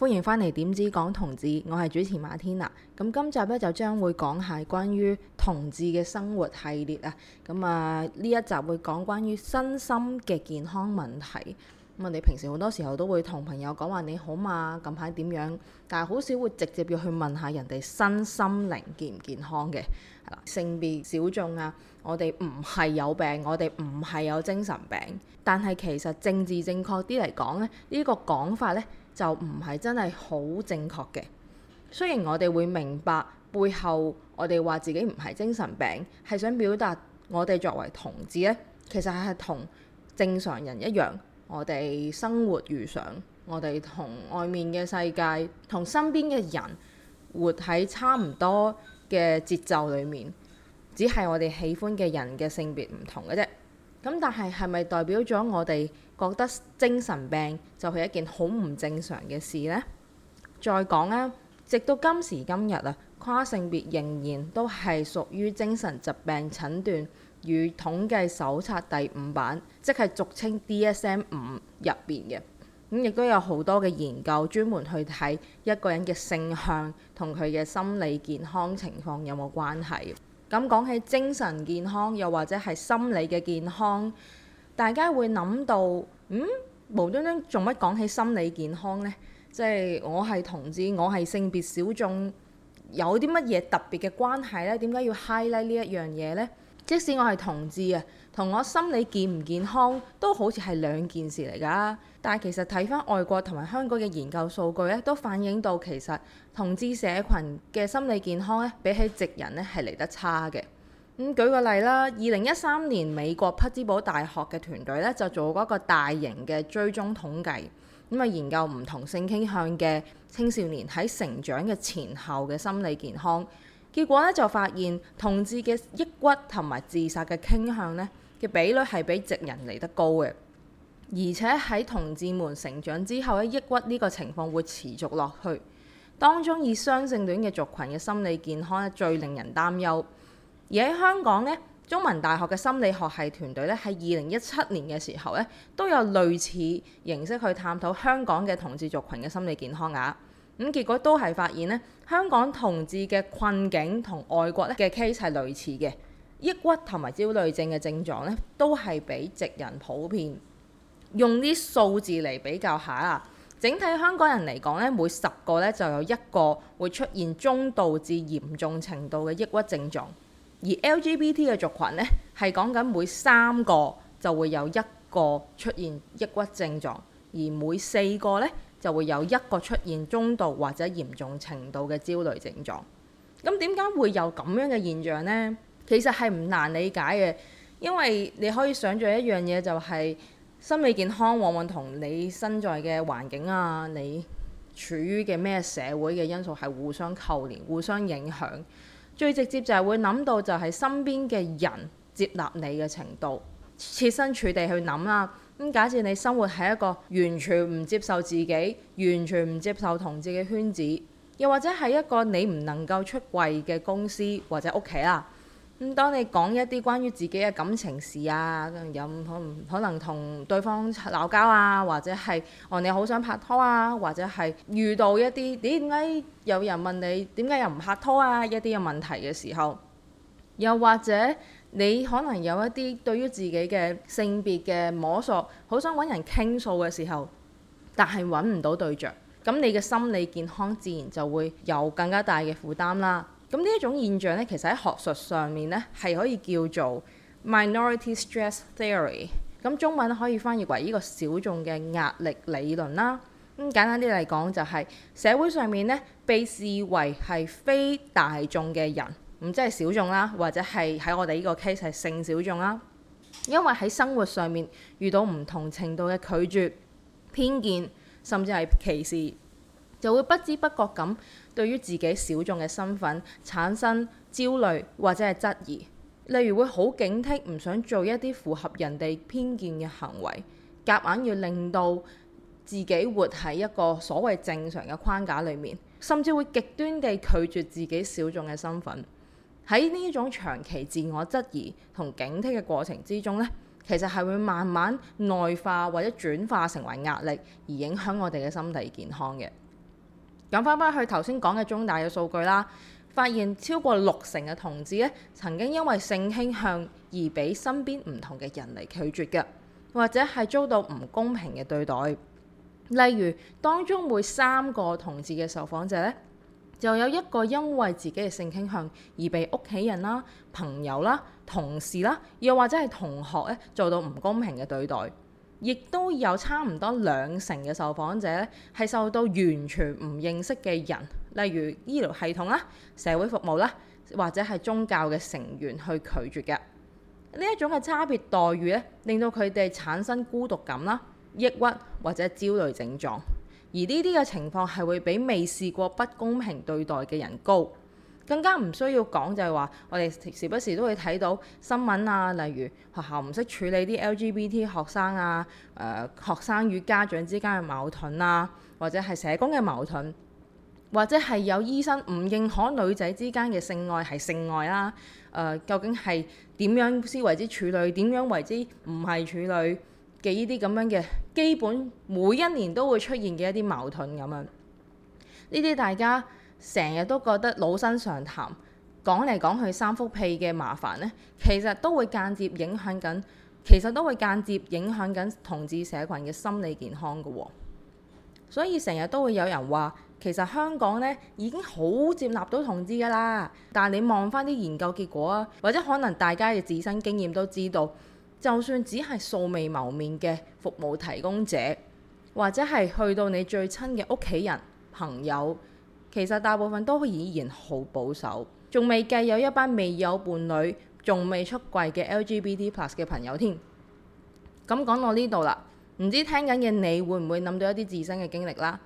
歡迎翻嚟點知講同志，我係主持馬天娜。咁今集咧就將會講下關於同志嘅生活系列啊。咁啊呢一集會講關於身心嘅健康問題。咁、嗯、你平時好多時候都會同朋友講話你好嘛，近排點樣？但係好少會直接要去問下人哋身心靈健唔健康嘅。性別小眾啊，我哋唔係有病，我哋唔係有精神病。但係其實政治正確啲嚟講呢，呢、呢個講法呢就唔係真係好正確嘅。雖然我哋會明白背後我哋話自己唔係精神病，係想表達我哋作為同志呢，其實係同正常人一樣。我哋生活如常，我哋同外面嘅世界、同身邊嘅人，活喺差唔多嘅節奏裏面，只係我哋喜歡嘅人嘅性別唔同嘅啫。咁但係，係咪代表咗我哋覺得精神病就係一件好唔正常嘅事呢？再講啦、啊，直到今時今日啊，跨性別仍然都係屬於精神疾病診斷與統計手冊第五版，即係俗稱 DSM 五入邊嘅咁，亦、嗯、都有好多嘅研究專門去睇一個人嘅性向同佢嘅心理健康情況有冇關係。咁、嗯、講起精神健康，又或者係心理嘅健康，大家會諗到嗯，無端端做乜講起心理健康呢？即、就、係、是、我係同志，我係性別小眾，有啲乜嘢特別嘅關係呢？點解要 highlight 呢一樣嘢呢？」即使我係同志啊，同我心理健唔健康都好似係兩件事嚟噶。但係其實睇翻外國同埋香港嘅研究數據咧，都反映到其實同志社群嘅心理健康咧，比起直人咧係嚟得差嘅。咁、嗯、舉個例啦，二零一三年美國匹茲堡大學嘅團隊咧就做過一個大型嘅追蹤統計，咁啊研究唔同性傾向嘅青少年喺成長嘅前後嘅心理健康。結果咧就發現同志嘅抑鬱同埋自殺嘅傾向咧嘅比率係比直人嚟得高嘅，而且喺同志們成長之後咧，抑鬱呢個情況會持續落去。當中以雙性戀嘅族群嘅心理健康咧最令人擔憂。而喺香港咧，中文大學嘅心理學系團隊咧喺二零一七年嘅時候咧都有類似形式去探討香港嘅同志族群嘅心理健康啊。咁、嗯、結果都係發現呢香港同志嘅困境同外國咧嘅 case 係類似嘅，抑鬱同埋焦慮症嘅症狀呢都係比直人普遍。用啲數字嚟比較下啊，整體香港人嚟講呢，每十個呢就有一個會出現中度至嚴重程度嘅抑鬱症狀，而 LGBT 嘅族群呢，係講緊每三個就會有一個出現抑鬱症狀，而每四個呢，就會有一個出現中度或者嚴重程度嘅焦慮症狀。咁點解會有咁樣嘅現象呢？其實係唔難理解嘅，因為你可以想象一樣嘢就係心理健康往往同你身在嘅環境啊，你處於嘅咩社會嘅因素係互相扣連、互相影響。最直接就係會諗到就係身邊嘅人接納你嘅程度，設身處地去諗啦、啊。假設你生活喺一個完全唔接受自己、完全唔接受同志嘅圈子，又或者係一個你唔能夠出櫃嘅公司或者屋企啦。咁當你講一啲關於自己嘅感情事啊，有可可能同對方鬧交啊，或者係哦你好想拍拖啊，或者係遇到一啲咦點解有人問你點解又唔拍拖啊一啲嘅問題嘅時候，又或者。你可能有一啲對於自己嘅性別嘅摸索，好想揾人傾訴嘅時候，但係揾唔到對象，咁你嘅心理健康自然就會有更加大嘅負擔啦。咁呢一種現象呢，其實喺學術上面呢，係可以叫做 Minority Stress Theory，咁中文可以翻譯為呢個小眾嘅壓力理論啦。咁簡單啲嚟講，就係社會上面呢，被視為係非大眾嘅人。唔，即係小眾啦，或者係喺我哋呢個 case 係性小眾啦。因為喺生活上面遇到唔同程度嘅拒絕、偏見，甚至係歧視，就會不知不覺咁對於自己小眾嘅身份產生焦慮或者係質疑。例如會好警惕，唔想做一啲符合人哋偏見嘅行為，夾硬要令到自己活喺一個所謂正常嘅框架裡面，甚至會極端地拒絕自己小眾嘅身份。喺呢種長期自我質疑同警惕嘅過程之中咧，其實係會慢慢內化或者轉化成為壓力，而影響我哋嘅心理健康嘅。咁翻返去頭先講嘅中大嘅數據啦，發現超過六成嘅同志咧，曾經因為性傾向而俾身邊唔同嘅人嚟拒絕嘅，或者係遭到唔公平嘅對待。例如當中每三個同志嘅受訪者咧，就有一個因為自己嘅性傾向而被屋企人啦、啊、朋友啦、啊、同事啦、啊，又或者係同學咧，做到唔公平嘅對待；亦都有差唔多兩成嘅受訪者咧，係受到完全唔認識嘅人，例如醫療系統啦、啊、社會服務啦、啊，或者係宗教嘅成員去拒絕嘅。呢一種嘅差別待遇咧，令到佢哋產生孤獨感啦、抑鬱或者焦慮症狀。而呢啲嘅情況係會比未試過不公平對待嘅人高，更加唔需要講就係話，我哋時不時都會睇到新聞啊，例如學校唔識處理啲 LGBT 學生啊，誒、呃、學生與家長之間嘅矛盾啊，或者係社工嘅矛盾，或者係有醫生唔認可女仔之間嘅性愛係性愛啦、啊，誒、呃、究竟係點樣先為之處女？點樣為之唔係處女？嘅呢啲咁樣嘅基本每一年都會出現嘅一啲矛盾咁樣，呢啲大家成日都覺得老生常談，講嚟講去三幅屁嘅麻煩呢，其實都會間接影響緊，其實都會間接影響緊同志社群嘅心理健康嘅喎、哦。所以成日都會有人話，其實香港呢已經好接納到同志㗎喇，但係你望返啲研究結果啊，或者可能大家嘅自身經驗都知道。就算只係素未謀面嘅服務提供者，或者係去到你最親嘅屋企人朋友，其實大部分都依然好保守，仲未計有一班未有伴侶、仲未出櫃嘅 LGBT plus 嘅朋友添。咁講到呢度啦，唔知聽緊嘅你會唔會諗到一啲自身嘅經歷啦？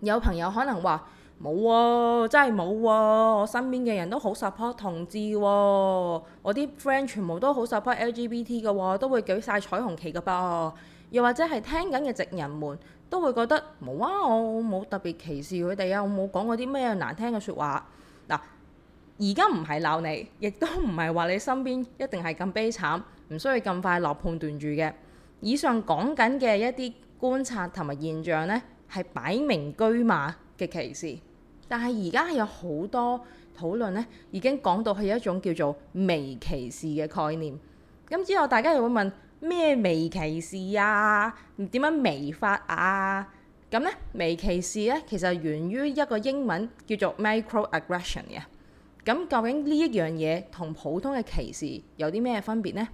有朋友可能話。冇喎、啊，真係冇喎。我身邊嘅人都好 support 同志喎、啊。我啲 friend 全部都好 support LGBT 嘅喎、啊，都會舉晒彩虹旗嘅噃、啊。又或者係聽緊嘅直人們都會覺得冇啊，我冇特別歧視佢哋啊，我冇講過啲咩難聽嘅説話。嗱，而家唔係鬧你，亦都唔係話你身邊一定係咁悲慘，唔需要咁快落判斷住嘅。以上講緊嘅一啲觀察同埋現象呢，係擺明車馬嘅歧視，但係而家有好多討論咧，已經講到係一種叫做微歧視嘅概念。咁、嗯、之後大家又會問咩微歧視啊？點樣微法啊？咁、嗯、咧微歧視咧其實源於一個英文叫做 microaggression 嘅。咁、嗯、究竟呢一樣嘢同普通嘅歧視有啲咩分別呢？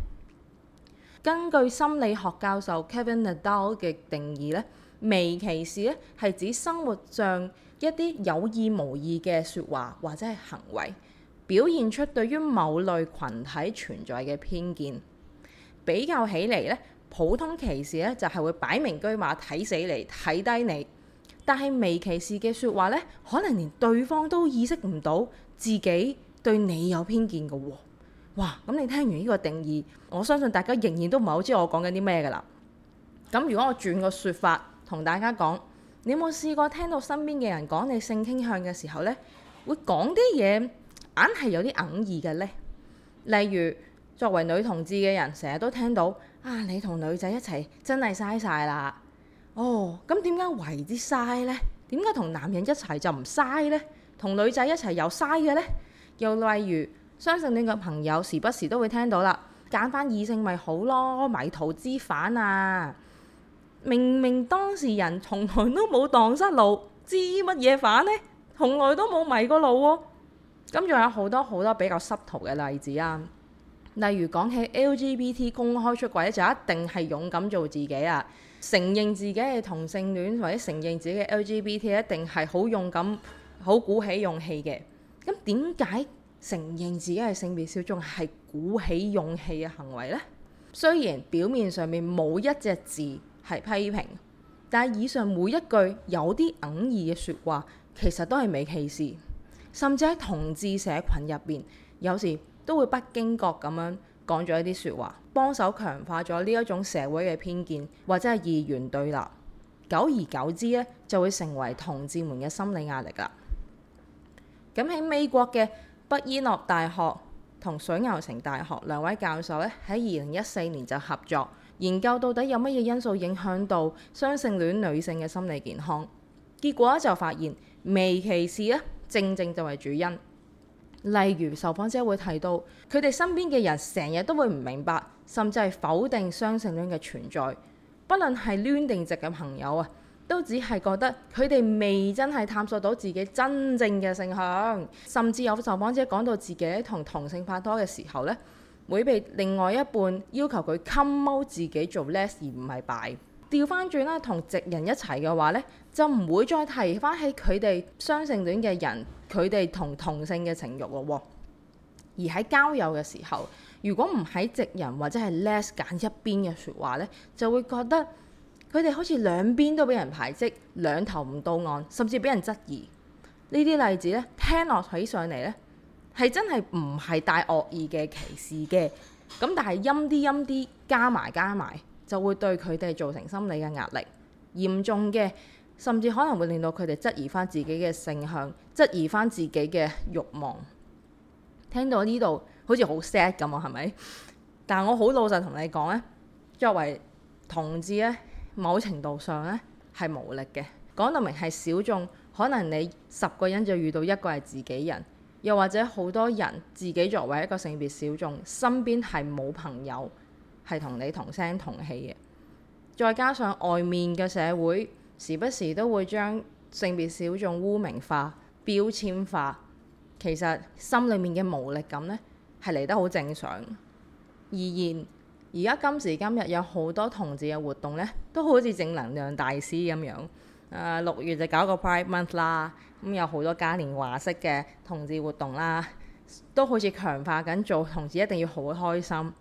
根據心理學教授 Kevin Nadal 嘅定義咧。微歧視咧係指生活上一啲有意無意嘅説話或者係行為，表現出對於某類群體存在嘅偏見。比較起嚟咧，普通歧視咧就係會擺明居馬睇死你睇低你，但係微歧視嘅説話咧，可能連對方都意識唔到自己對你有偏見嘅喎。哇！咁你聽完呢個定義，我相信大家仍然都唔係好知我講緊啲咩㗎啦。咁如果我轉個說法。同大家講，你有冇試過聽到身邊嘅人講你性傾向嘅時候呢？會講啲嘢硬係有啲隱義嘅呢？例如作為女同志嘅人，成日都聽到啊，你同女仔一齊真係嘥晒啦。哦，咁點解為之嘥呢？點解同男人一齊就唔嘥呢？同女仔一齊又嘥嘅呢？又例如相信你嘅朋友，時不時都會聽到啦，揀翻異性咪好咯，迷途知返啊！明明當事人從來都冇蕩失路，知乜嘢反呢？從來都冇迷過路喎、哦。咁仲有好多好多比較濕途嘅例子啊，例如講起 LGBT 公開出櫃就一定係勇敢做自己啊，承認自己係同性戀或者承認自己嘅 LGBT 一定係好勇敢，好鼓起勇氣嘅。咁點解承認自己係性別小眾係鼓起勇氣嘅行為呢？雖然表面上面冇一隻字。係批評，但係以上每一句有啲隱義嘅説話，其實都係微歧視，甚至喺同志社群入面，有時都會不經覺咁樣講咗一啲説話，幫手強化咗呢一種社會嘅偏見或者係二元對立，久而久之咧就會成為同志們嘅心理壓力啦。咁喺美國嘅北伊利諾大學同水牛城大學兩位教授咧喺二零一四年就合作。研究到底有乜嘢因素影響到雙性戀女性嘅心理健康？結果就發現，微歧視咧，正正就係主因。例如受訪者會提到，佢哋身邊嘅人成日都會唔明白，甚至係否定雙性戀嘅存在。不論係攣定直嘅朋友啊，都只係覺得佢哋未真係探索到自己真正嘅性向。甚至有受訪者講到自己同同性拍拖嘅時候咧。會被另外一半要求佢 come out 自己做 less 而唔係 bi，調翻轉啦，同直人一齊嘅話呢就唔會再提翻起佢哋雙性戀嘅人，佢哋同同性嘅情慾咯喎。而喺交友嘅時候，如果唔喺直人或者係 less 揀一邊嘅説話呢，就會覺得佢哋好似兩邊都俾人排斥、兩頭唔到岸，甚至俾人質疑。呢啲例子呢，聽落起上嚟呢，係真係唔係大惡意嘅歧視嘅咁，但係陰啲陰啲加埋加埋就會對佢哋造成心理嘅壓力，嚴重嘅甚至可能會令到佢哋質疑返自己嘅性向，質疑返自己嘅慾望。聽到呢度好似好 sad 咁啊，係咪？但我好老實同你講咧，作為同志咧，某程度上咧係無力嘅。講到明係小眾，可能你十個人就遇到一個係自己人。又或者好多人自己作為一個性別小眾，身邊係冇朋友係同你同聲同氣嘅，再加上外面嘅社會時不時都會將性別小眾污名化、標籤化，其實心裡面嘅無力感呢係嚟得好正常。而然而家今時今日有好多同志嘅活動呢，都好似正能量大師咁樣，誒、呃、六月就搞個 Pride Month 啦。咁、嗯、有好多嘉年華式嘅同志活動啦，都好似強化緊做同志一定要好開心，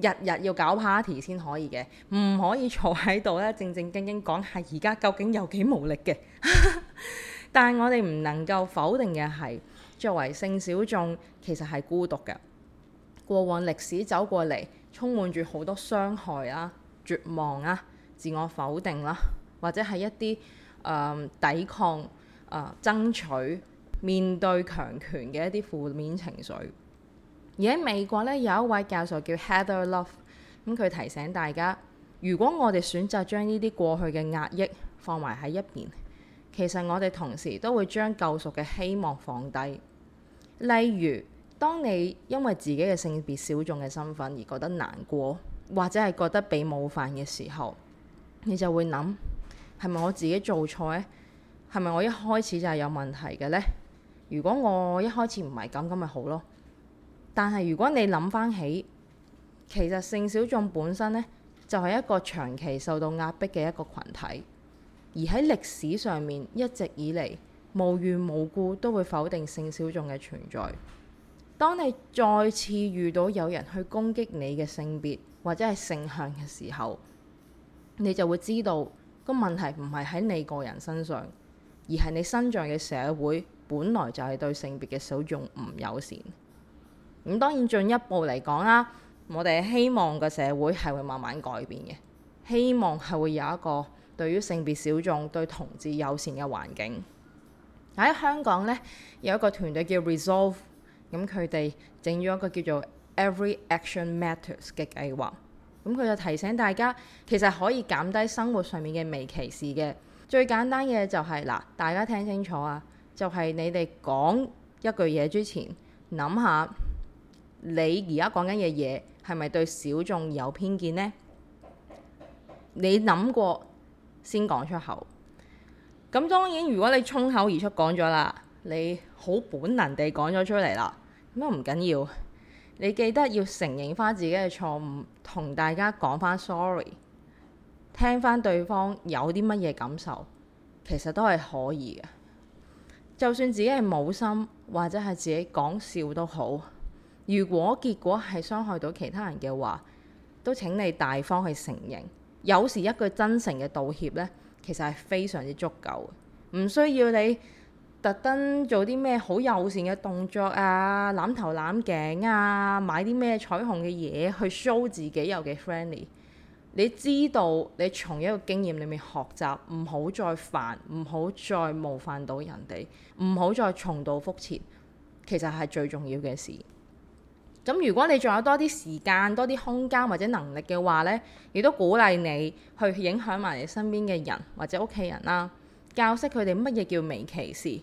日日要搞 party 先可以嘅，唔可以坐喺度咧，正正經經講下而家究竟有幾無力嘅。 但係我哋唔能夠否定嘅係，作為性小眾其實係孤獨嘅，過往歷史走過嚟充滿住好多傷害啊、絕望啊、自我否定啦，或者係一啲、呃、抵抗。啊！Uh, 爭取面對強權嘅一啲負面情緒，而喺美國咧，有一位教授叫 Heather Love，咁、嗯、佢提醒大家，如果我哋選擇將呢啲過去嘅壓抑放埋喺一邊，其實我哋同時都會將救贖嘅希望放低。例如，當你因為自己嘅性別小眾嘅身份而覺得難過，或者係覺得被冒犯嘅時候，你就會諗：係咪我自己做錯呢？」係咪我一開始就係有問題嘅咧？如果我一開始唔係咁，咁咪好咯。但係如果你諗翻起，其實性小眾本身咧就係一個長期受到壓迫嘅一個群體，而喺歷史上面一直以嚟無緣無故都會否定性小眾嘅存在。當你再次遇到有人去攻擊你嘅性別或者係性向嘅時候，你就會知道個問題唔係喺你個人身上。而係你身在嘅社會，本來就係對性別嘅小眾唔友善。咁、嗯、當然進一步嚟講啦，我哋希望個社會係會慢慢改變嘅，希望係會有一個對於性別小眾對同志友善嘅環境。喺香港呢，有一個團隊叫 Resolve，咁、嗯、佢哋整咗一個叫做 Every Action Matters 嘅計劃，咁、嗯、佢就提醒大家，其實可以減低生活上面嘅微歧視嘅。最簡單嘅就係嗱，大家聽清楚啊！就係你哋講一句嘢之前，諗下你而家講緊嘅嘢係咪對小眾有偏見呢？你諗過先講出口。咁當然，如果你衝口而出講咗啦，你好本能地講咗出嚟啦，咁唔緊要。你記得要承認翻自己嘅錯誤，同大家講翻 sorry。聽翻對方有啲乜嘢感受，其實都係可以嘅。就算自己係冇心，或者係自己講笑都好。如果結果係傷害到其他人嘅話，都請你大方去承認。有時一句真誠嘅道歉呢，其實係非常之足夠嘅，唔需要你特登做啲咩好友善嘅動作啊，攬頭攬頸啊，買啲咩彩虹嘅嘢去 show 自己有幾 friendly。你知道你從一個經驗裡面學習，唔好再犯，唔好再冒犯到人哋，唔好再重蹈覆轍，其實係最重要嘅事。咁如果你仲有多啲時間、多啲空間或者能力嘅話呢，亦都鼓勵你去影響埋你身邊嘅人或者屋企人啦，教識佢哋乜嘢叫微歧視，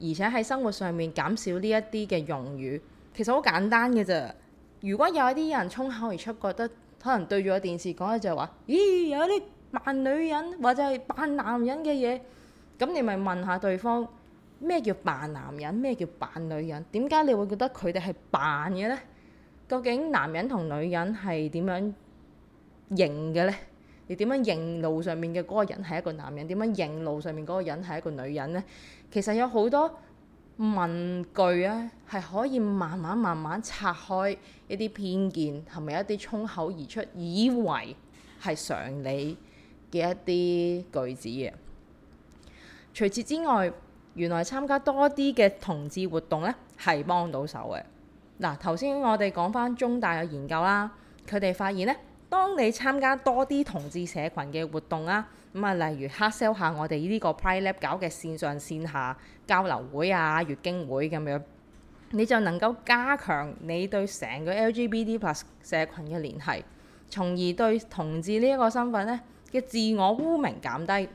而且喺生活上面減少呢一啲嘅用語，其實好簡單嘅咋，如果有一啲人衝口而出覺得，可能對住個電視講咧，就係話：咦，有啲扮女人或者係扮男人嘅嘢。咁你咪問下對方：「咩叫扮男人，咩叫扮女人？點解你會覺得佢哋係扮嘅呢？究竟男人同女人係點樣認嘅呢？你點樣認路上面嘅嗰個人係一個男人？點樣認路上面嗰個人係一個女人呢？」其實有好多文句咧，係可以慢慢慢慢拆開一啲偏見，同埋一啲衝口而出以為係常理嘅一啲句子嘅。除此之外，原來參加多啲嘅同志活動咧，係幫到手嘅。嗱、啊，頭先我哋講翻中大嘅研究啦，佢哋發現咧，當你參加多啲同志社群嘅活動啦、啊。咁啊、嗯，例如 hard sell 下我哋呢個 PrideLab 搞嘅線上線下交流會啊、月經會咁樣，你就能夠加強你對成個 LGBT plus 社群嘅聯繫，從而對同志呢一個身份咧嘅自我污名減低。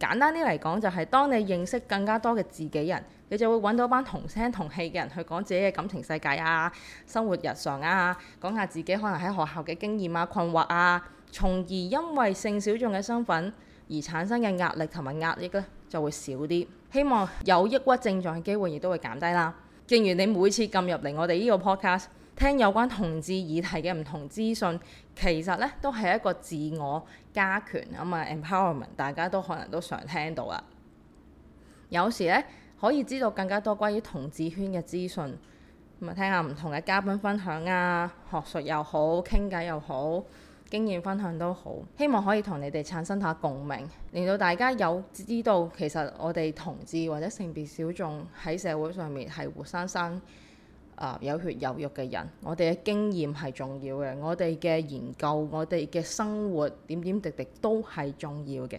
簡單啲嚟講，就係當你認識更加多嘅自己人，你就會揾到班同聲同氣嘅人去講自己嘅感情世界啊、生活日常啊，講下自己可能喺學校嘅經驗啊、困惑啊。從而因為性小眾嘅身份而產生嘅壓力同埋壓抑咧，就會少啲，希望有抑鬱症狀嘅機會亦都會減低啦。正如你每次撳入嚟我哋呢個 podcast 聽有關同志議題嘅唔同資訊，其實咧都係一個自我加權啊 empowerment 大家都可能都常聽到啦。有時咧可以知道更加多關於同志圈嘅資訊，咁啊聽下唔同嘅嘉賓分享啊，學術又好，傾偈又好。經驗分享都好，希望可以同你哋產生下共鳴，令到大家有知道其實我哋同志或者性別小眾喺社會上面係活生生、呃、有血有肉嘅人。我哋嘅經驗係重要嘅，我哋嘅研究、我哋嘅生活點點滴滴都係重要嘅。咁、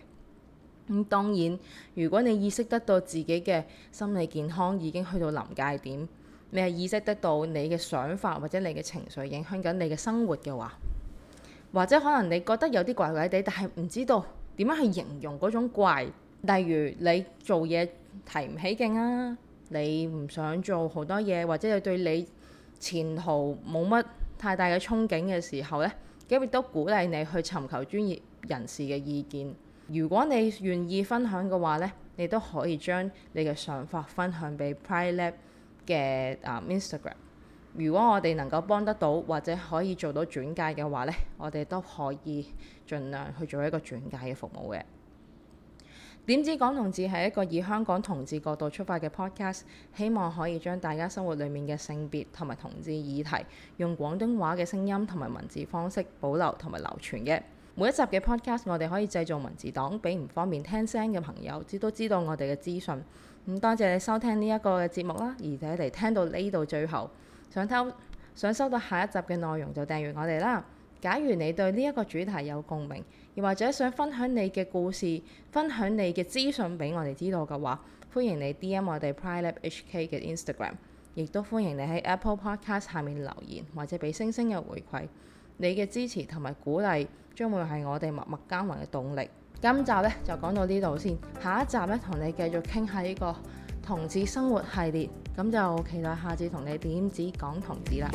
嗯、當然，如果你意識得到自己嘅心理健康已經去到臨界點，你係意識得到你嘅想法或者你嘅情緒影響緊你嘅生活嘅話。或者可能你覺得有啲怪怪地，但係唔知道點樣去形容嗰種怪。例如你做嘢提唔起勁啊，你唔想做好多嘢，或者你對你前途冇乜太大嘅憧憬嘅時候呢，咁亦都鼓勵你去尋求專業人士嘅意見。如果你願意分享嘅話呢，你都可以將你嘅想法分享俾 Pride Lab 嘅啊 Instagram。如果我哋能夠幫得到，或者可以做到轉介嘅話呢，我哋都可以盡量去做一個轉介嘅服務嘅。點知港同志係一個以香港同志角度出發嘅 podcast，希望可以將大家生活裡面嘅性別同埋同志議題，用廣東話嘅聲音同埋文字方式保留同埋流傳嘅。每一集嘅 podcast，我哋可以製造文字檔，俾唔方便聽聲嘅朋友，亦都知道我哋嘅資訊。咁、嗯、多謝你收聽呢一個嘅節目啦，而且嚟聽到呢度最後。想收想收到下一集嘅內容就訂閱我哋啦。假如你對呢一個主題有共鳴，又或者想分享你嘅故事、分享你嘅資訊俾我哋知道嘅話，歡迎你 DM 我哋 PrideLab HK 嘅 Instagram，亦都歡迎你喺 Apple Podcast 下面留言或者俾星星嘅回饋。你嘅支持同埋鼓勵將會係我哋默默耕耘嘅動力。今集咧就講到呢度先，下一集咧同你繼續傾下呢個。同志生活系列，咁就期待下次同你點子講同志啦。